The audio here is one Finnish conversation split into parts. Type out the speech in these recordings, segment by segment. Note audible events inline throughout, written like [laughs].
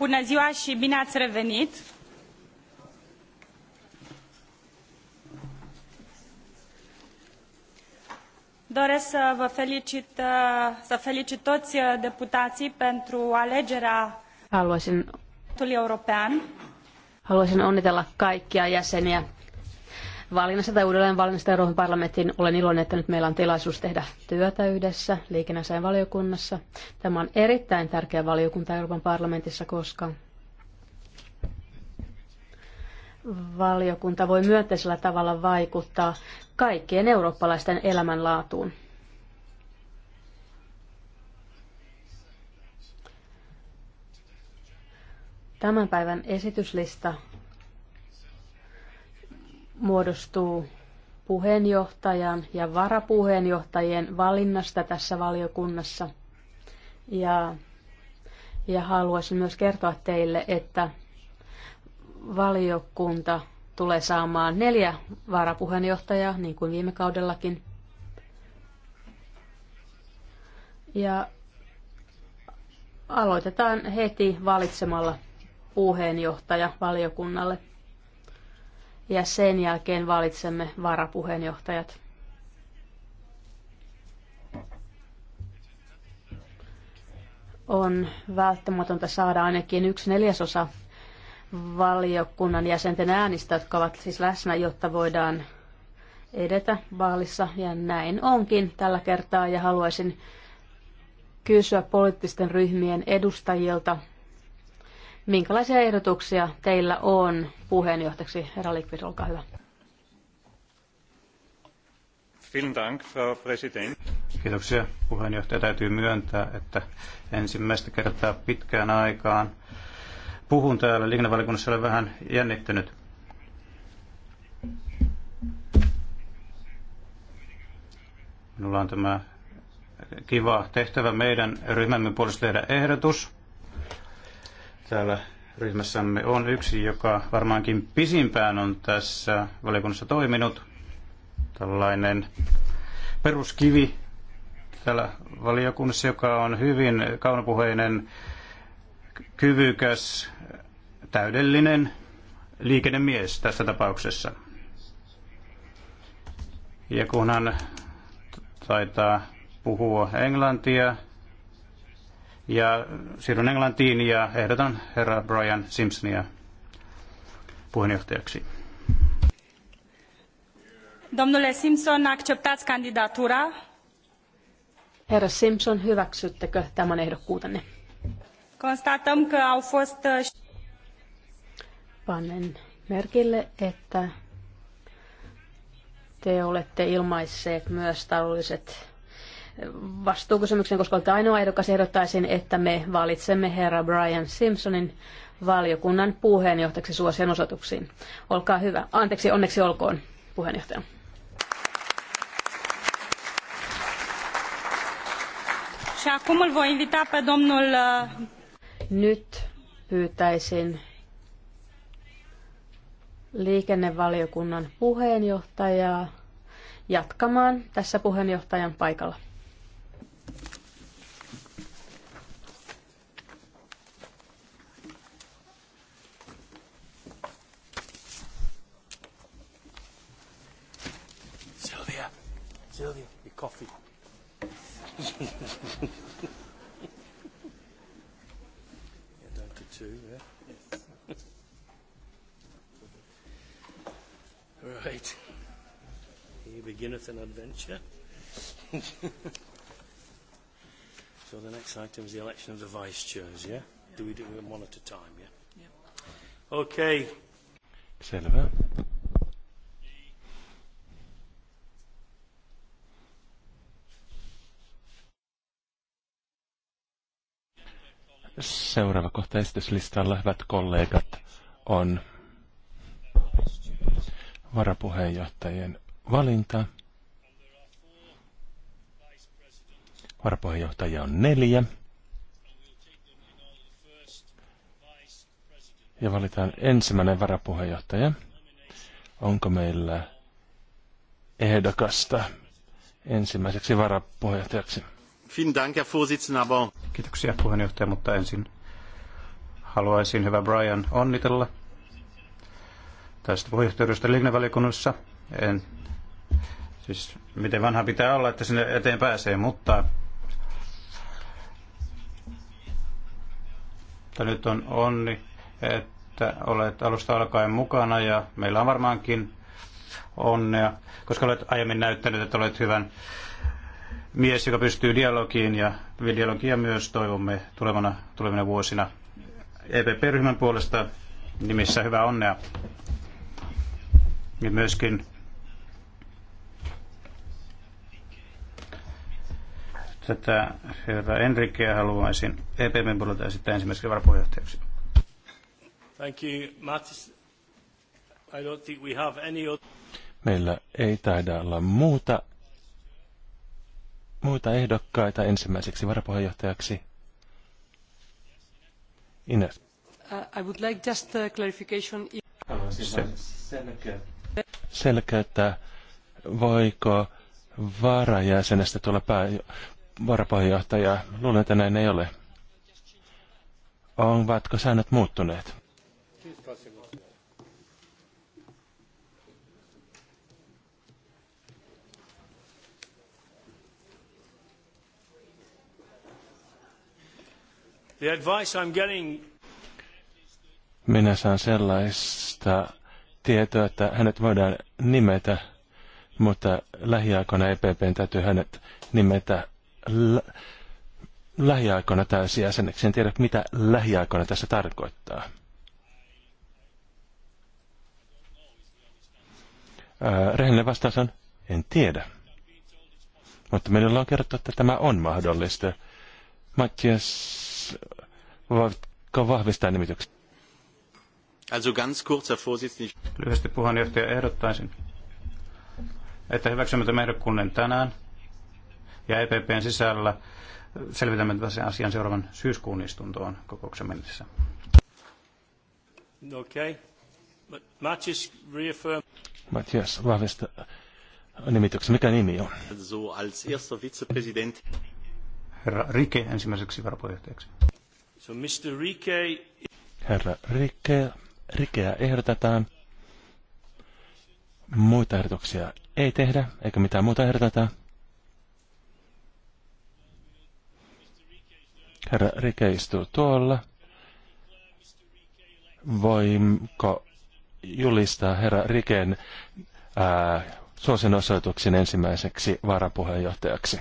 Bună ziua și bine ați revenit! Doresc să vă felicit, uh, să felicit toți uh, deputații pentru alegerea Haluaisin, european. Haluaisin onnitella kaikkia jäseniä valinnassa tai uudelleen Euroopan parlamenttiin. Olen iloinen, että nyt meillä on tilaisuus tehdä työtä yhdessä liikennesäin valiokunnassa. Tämä on erittäin tärkeä valiokunta Euroopan parlamentissa, koska valiokunta voi myönteisellä tavalla vaikuttaa kaikkien eurooppalaisten elämänlaatuun. Tämän päivän esityslista muodostuu puheenjohtajan ja varapuheenjohtajien valinnasta tässä valiokunnassa. Ja, ja haluaisin myös kertoa teille, että valiokunta tulee saamaan neljä varapuheenjohtajaa, niin kuin viime kaudellakin. Ja aloitetaan heti valitsemalla puheenjohtaja valiokunnalle ja sen jälkeen valitsemme varapuheenjohtajat. On välttämätöntä saada ainakin yksi neljäsosa valiokunnan jäsenten äänistä, jotka ovat siis läsnä, jotta voidaan edetä vaalissa. Ja näin onkin tällä kertaa ja haluaisin kysyä poliittisten ryhmien edustajilta, Minkälaisia ehdotuksia teillä on puheenjohtajaksi? Herra Likvid, olkaa hyvä. Kiitoksia puheenjohtaja. Täytyy myöntää, että ensimmäistä kertaa pitkään aikaan puhun täällä. Liikennevaliokunnassa olen vähän jännittynyt. Minulla on tämä kiva tehtävä meidän ryhmämme puolesta tehdä ehdotus täällä ryhmässämme on yksi, joka varmaankin pisimpään on tässä valiokunnassa toiminut. Tällainen peruskivi täällä valiokunnassa, joka on hyvin kaunopuheinen, kyvykäs, täydellinen liikennemies tässä tapauksessa. Ja kun hän taitaa puhua englantia, ja siirryn Englantiin ja ehdotan herra Brian Simpsonia puheenjohtajaksi. Domnule Simpson, acceptați candidatura? Herra Simpson, hyväksyttekö tämän ehdokkuutenne? Constatăm că au fost... Uh, Panen merkille, että te olette ilmaisseet myös taloudelliset vastuukysymyksen, koska olette ainoa ehdokas, ehdottaisin, että me valitsemme herra Brian Simpsonin valiokunnan puheenjohtajaksi suosien osoituksiin. Olkaa hyvä. Anteeksi, onneksi olkoon puheenjohtaja. Uh, Nyt pyytäisin liikennevaliokunnan puheenjohtajaa jatkamaan tässä puheenjohtajan paikalla. Sylvia, your coffee. [laughs] yeah, down to two, yeah? Yes. right. Here beginneth an adventure. [laughs] so the next item is the election of the vice chairs, yeah? yeah. Do we do them one at a time, yeah? Yeah. Okay. Selvä. Seuraava kohta esityslistalla, hyvät kollegat, on varapuheenjohtajien valinta. Varapuheenjohtajia on neljä. Ja valitaan ensimmäinen varapuheenjohtaja. Onko meillä ehdokasta ensimmäiseksi varapuheenjohtajaksi? Kiitoksia puheenjohtaja, mutta ensin haluaisin hyvä Brian onnitella tästä puheenjohtajuudesta liikennevaliokunnassa. En, siis miten vanha pitää olla, että sinne eteen pääsee, mutta, mutta nyt on onni, että olet alusta alkaen mukana ja meillä on varmaankin onnea, koska olet aiemmin näyttänyt, että olet hyvän mies, joka pystyy dialogiin ja dialogia myös toivomme tulevana, tulevina vuosina. EPP-ryhmän puolesta nimissä hyvää onnea. Ja myöskin tätä herra Enrikeä haluaisin EPPn puolelta esittää ensimmäiseksi varapuheenjohtajaksi. Thank you, Mats. I don't think we have any other... Meillä ei taida olla muuta muita ehdokkaita ensimmäiseksi varapuheenjohtajaksi? Ines. Uh, I would like just a clarification. Se, selkeyttää, voiko varajäsenestä tulla pää, varapuheenjohtaja? Luulen, että näin ei ole. Ovatko säännöt muuttuneet? Minä saan sellaista tietoa, että hänet voidaan nimetä, mutta lähiaikoina EPPn täytyy hänet nimetä lä- lähiaikoina täysjäseneksi. En tiedä, mitä lähiaikoina tässä tarkoittaa. Äh, rehellinen vastaus on, en tiedä. Mutta meillä on kerrottu, että tämä on mahdollista. Matthias, voitko vahvistaa nimityksen? Also ganz kurz, Herr Vorsitzender. Lyhyesti puheenjohtaja ehdottaisin, että hyväksymme tämän ehdokkuuden tänään ja EPPn sisällä selvitämme tämän asian seuraavan syyskuun istuntoon kokouksen mennessä. Okay. Matthias reaffirm. Matthias vahvistaa nimityksen. Mikä nimi on? So als erster Vizepräsident herra Rike ensimmäiseksi varapuheenjohtajaksi. So Mr. Rike... Herra Rike, Rikeä ehdotetaan. Muita ehdotuksia ei tehdä, eikä mitään muuta ehdoteta. Herra Rike istuu tuolla. Voinko julistaa herra Riken suosinosoituksen ensimmäiseksi varapuheenjohtajaksi?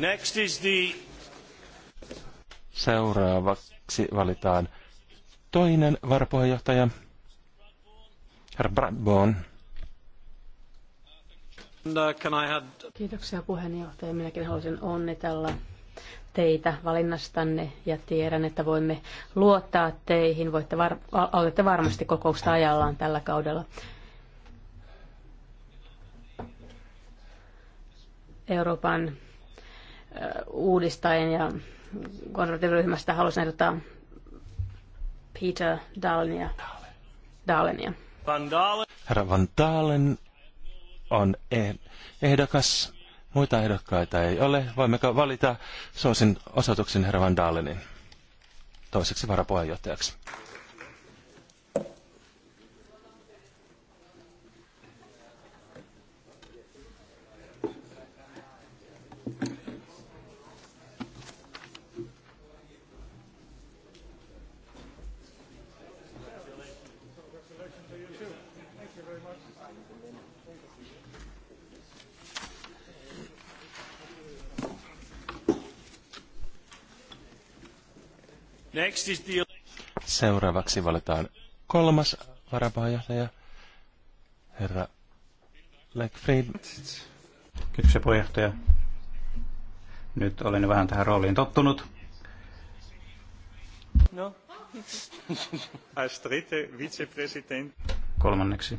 Next is the... Seuraavaksi valitaan toinen varapuheenjohtaja, Herr Bradborn. Uh, Kiitoksia puheenjohtaja. Minäkin haluaisin onnitella teitä valinnastanne ja tiedän, että voimme luottaa teihin. Voitte var- olette varmasti kokousta ajallaan tällä kaudella. Euroopan uudistaen ja konservatiiviryhmästä halusin ehdottaa Peter Dalenia. Dalenia. Van Dalen. Herra Van Dalen on e- ehdokas. Muita ehdokkaita ei ole. Voimmeko valita suosin osoituksen herra Van Dalenin toiseksi varapuheenjohtajaksi? Seuraavaksi valitaan kolmas varapuheenjohtaja, herra Legfried. Kiitos puheenjohtaja. Nyt olen vähän tähän rooliin tottunut. No. [laughs] Als dritte vicepresident. Kolmanneksi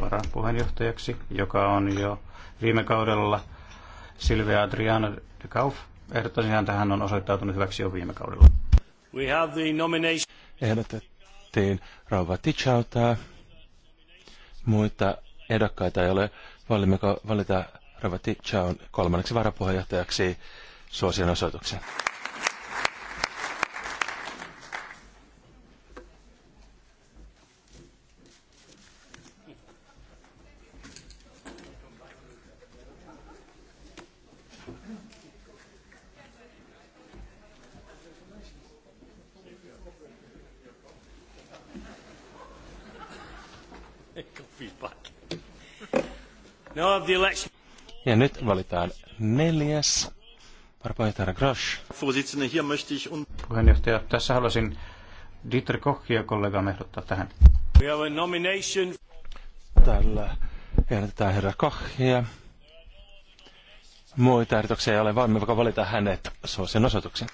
varapuheenjohtajaksi, joka on jo viime kaudella Silvia Adriana de Kauf. Ehdottaisin häntä, tähän on osoittautunut hyväksi jo viime kaudella. Ehdotettiin Rauva Tichautaa. Muita ehdokkaita ei ole. Valimmeko valita Rauva Tichaun kolmanneksi varapuheenjohtajaksi suosion osoituksen? nyt valitaan neljäs. Varapuheenjohtaja Grosch. Puheenjohtaja, tässä haluaisin Dieter Kochia kollegamme ehdottaa tähän. We have a nomination. Tällä ehdotetaan herra Kochia. Muita ehdotuksia ei ole valmiin, vaikka valita hänet suosien osoituksen.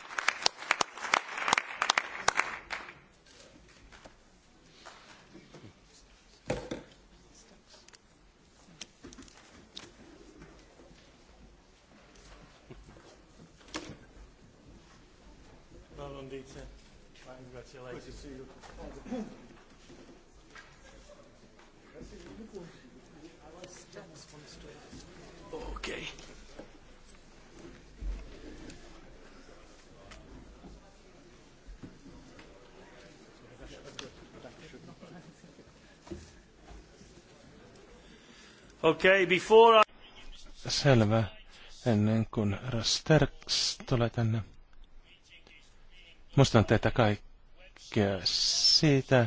Okay, before I... Selvä. Ennen kuin Rasterks tulee tänne. Muistan teitä kaikkea siitä,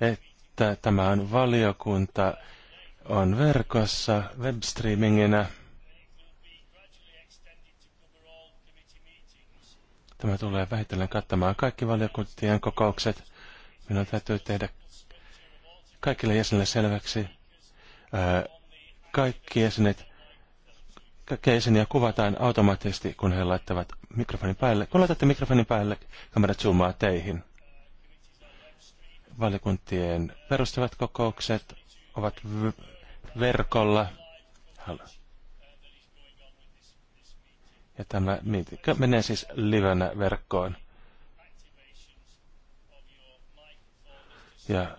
että tämä on valiokunta on verkossa webstreaminginä. Tämä tulee vähitellen kattamaan kaikki valiokuntien kokoukset. Minun täytyy tehdä kaikille jäsenille selväksi, ää, kaikki jäsenet, kaikkia jäseniä kuvataan automaattisesti, kun he laittavat mikrofonin päälle. Kun laitatte mikrofonin päälle, kamera zoomaa teihin. Valikuntien perustavat kokoukset ovat verkolla. Ja tämä menee siis livenä verkkoon. Ja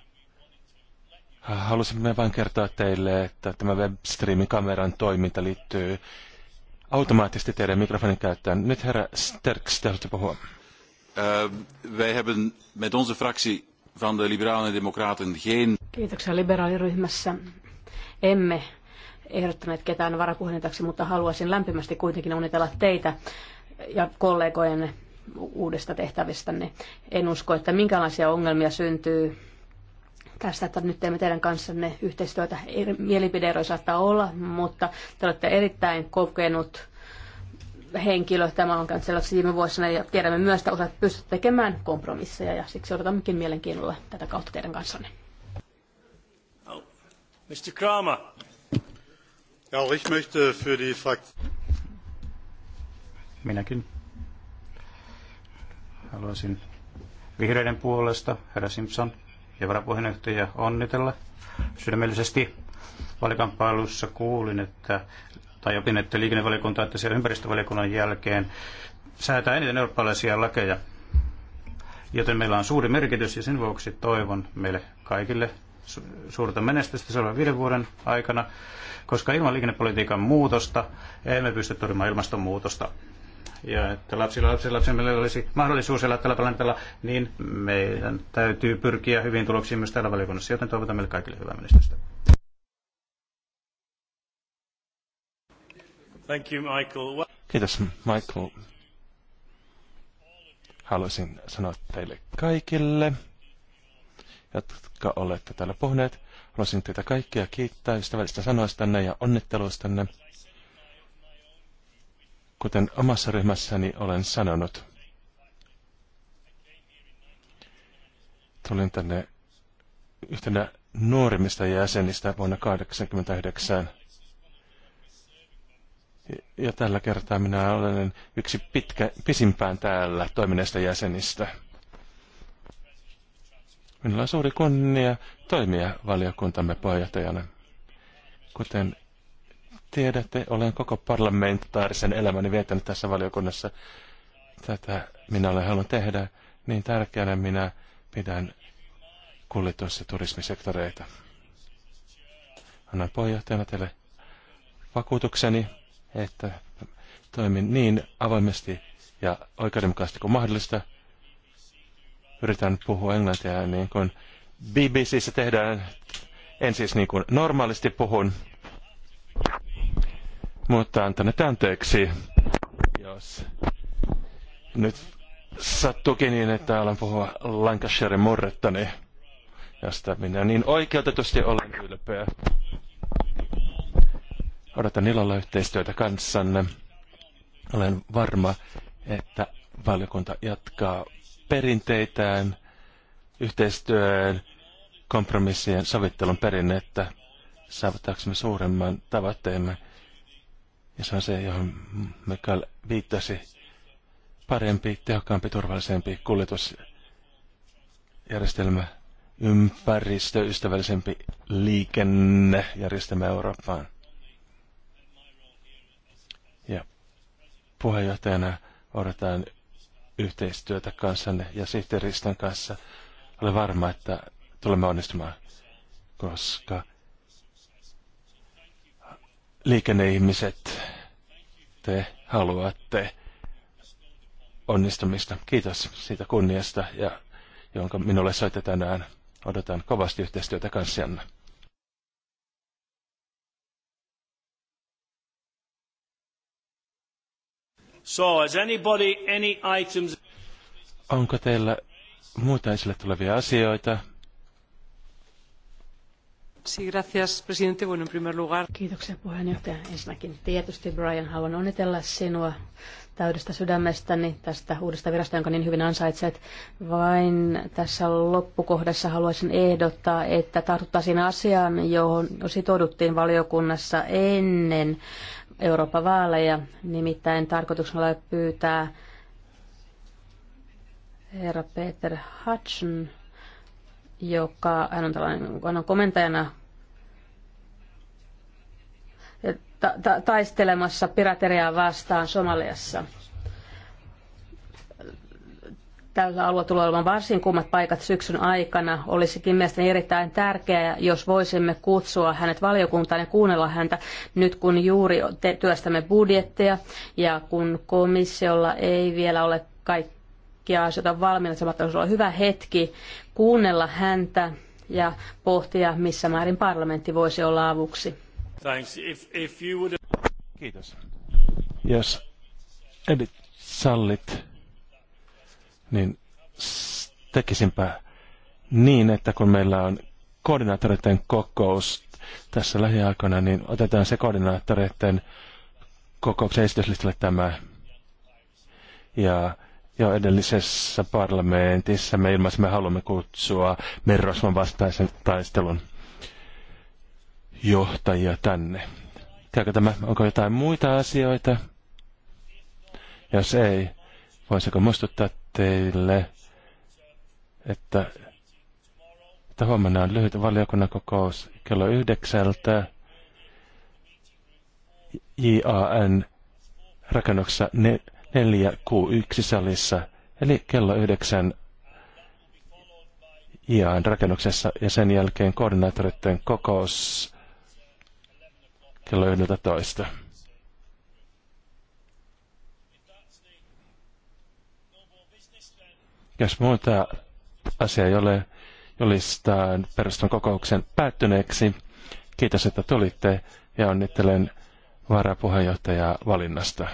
Halusimme vain kertoa teille, että tämä webstreamin kameran toiminta liittyy automaattisesti teidän mikrofonin käyttöön. Nyt herra Sterks, te haluatte puhua. Uh, wij hebben met onze fractie van de Liberalen en Democraten geen... Kiitoksia liberaaliryhmässä. Emme ehdottaneet ketään varapuheenjohtajaksi, mutta haluaisin lämpimästi kuitenkin onnitella teitä ja kollegojen uudesta tehtävistänne. En usko, että minkälaisia ongelmia syntyy tästä, että nyt teemme teidän kanssanne yhteistyötä. Mielipideero saattaa olla, mutta te olette erittäin kokenut henkilö. Tämä on käynyt sellaisessa viime vuosina ja tiedämme myös, että osaat pystyt tekemään kompromisseja ja siksi odotammekin mielenkiinnolla tätä kautta teidän kanssanne. Oh. Mr. Kramer. Ja, ich möchte für die Fraktion. Minäkin haluaisin vihreiden puolesta, herra Simpson, ja varapuheenjohtaja onnitella sydämellisesti. Valikamppailussa kuulin, että, tai opin, että liikennevaliokunta että siellä ympäristövaliokunnan jälkeen säätää eniten eurooppalaisia lakeja, joten meillä on suuri merkitys ja sen vuoksi toivon meille kaikille suurta menestystä seuraavan viiden vuoden aikana, koska ilman liikennepolitiikan muutosta emme pysty torjumaan ilmastonmuutosta ja että lapsilla lapsilla lapsilla olisi mahdollisuus elää tällä planeetalla, niin meidän täytyy pyrkiä hyvin tuloksiin myös täällä valiokunnassa, joten toivotan meille kaikille hyvää menestystä. Thank you, Michael. Kiitos, Michael. Haluaisin sanoa teille kaikille, jotka olette täällä puhuneet. Haluaisin teitä kaikkia kiittää ystävällistä sanoistanne ja onnitteluistanne kuten omassa ryhmässäni olen sanonut. Tulin tänne yhtenä nuorimmista jäsenistä vuonna 1989. Ja tällä kertaa minä olen yksi pitkä, pisimpään täällä toimineista jäsenistä. Minulla on suuri kunnia toimia valiokuntamme puheenjohtajana. Kuten tiedätte, olen koko parlamentaarisen elämäni viettänyt tässä valiokunnassa. Tätä minä olen halunnut tehdä, niin tärkeänä minä pidän kuljetus- ja turismisektoreita. Annan puheenjohtajana teille vakuutukseni, että toimin niin avoimesti ja oikeudenmukaisesti kuin mahdollista. Yritän puhua englantia niin kuin BBCissä tehdään, en siis niin kuin normaalisti puhun, mutta antanut anteeksi, jos nyt sattuukin niin, että alan puhua Lancashire murrettani, niin josta minä niin oikeutetusti olen ylpeä. Odotan ilolla yhteistyötä kanssanne. Olen varma, että valiokunta jatkaa perinteitään, yhteistyön, kompromissien sovittelun perinnettä saavuttaaksemme suuremman tavoitteemme – ja se on se, johon Mikael viittasi. Parempi, tehokkaampi, turvallisempi kuljetusjärjestelmä, ympäristöystävällisempi liikennejärjestelmä Eurooppaan. Ja puheenjohtajana odotetaan yhteistyötä kanssanne ja sihteeristön kanssa. Olen varma, että tulemme onnistumaan, koska liikenneihmiset, te haluatte onnistumista. Kiitos siitä kunniasta, ja jonka minulle soitte tänään. Odotan kovasti yhteistyötä kanssanne. So, has anybody any items... Onko teillä muita esille tulevia asioita? Sí, gracias, presidente. Bueno, en primer lugar... Kiitoksia puheenjohtaja. Ensinnäkin tietysti Brian, haluan onnitella sinua täydestä sydämestäni tästä uudesta virasta, jonka niin hyvin ansaitset. Vain tässä loppukohdassa haluaisin ehdottaa, että tartuttaisiin asiaan, johon sitouduttiin valiokunnassa ennen Euroopan vaaleja. Nimittäin tarkoituksena oli pyytää herra Peter Hudson joka hän on, tällainen, niin hän on komentajana ta- ta- taistelemassa pirateriaa vastaan Somaliassa. Tällä alueella tulee olemaan varsin kummat paikat syksyn aikana. Olisikin mielestäni erittäin tärkeää, jos voisimme kutsua hänet valiokuntaan ja kuunnella häntä nyt, kun juuri työstämme budjetteja ja kun komissiolla ei vielä ole kaikki kaikkia asioita valmiina, että se mahtaisi olla hyvä hetki kuunnella häntä ja pohtia, missä määrin parlamentti voisi olla avuksi. If, if you would... Kiitos. Jos edit sallit, niin tekisinpä niin, että kun meillä on koordinaattoreiden kokous tässä lähiaikoina, niin otetaan se koordinaattoreiden kokouksen esityslistalle tämä. Ja jo edellisessä parlamentissa me ilmaisimme haluamme kutsua Merrosman vastaisen taistelun johtajia tänne. Käykö tämä, onko jotain muita asioita? Jos ei, voisiko muistuttaa teille, että, että huomenna on lyhyt valiokunnan kokous kello yhdeksältä IAN rakennuksessa 4Q1 salissa, eli kello 9 IAN rakennuksessa ja sen jälkeen koordinaattoreiden kokous kello 11. Jos muuta asiaa ei ole, julistaan perustan kokouksen päättyneeksi. Kiitos, että tulitte ja onnittelen varapuheenjohtajaa valinnasta.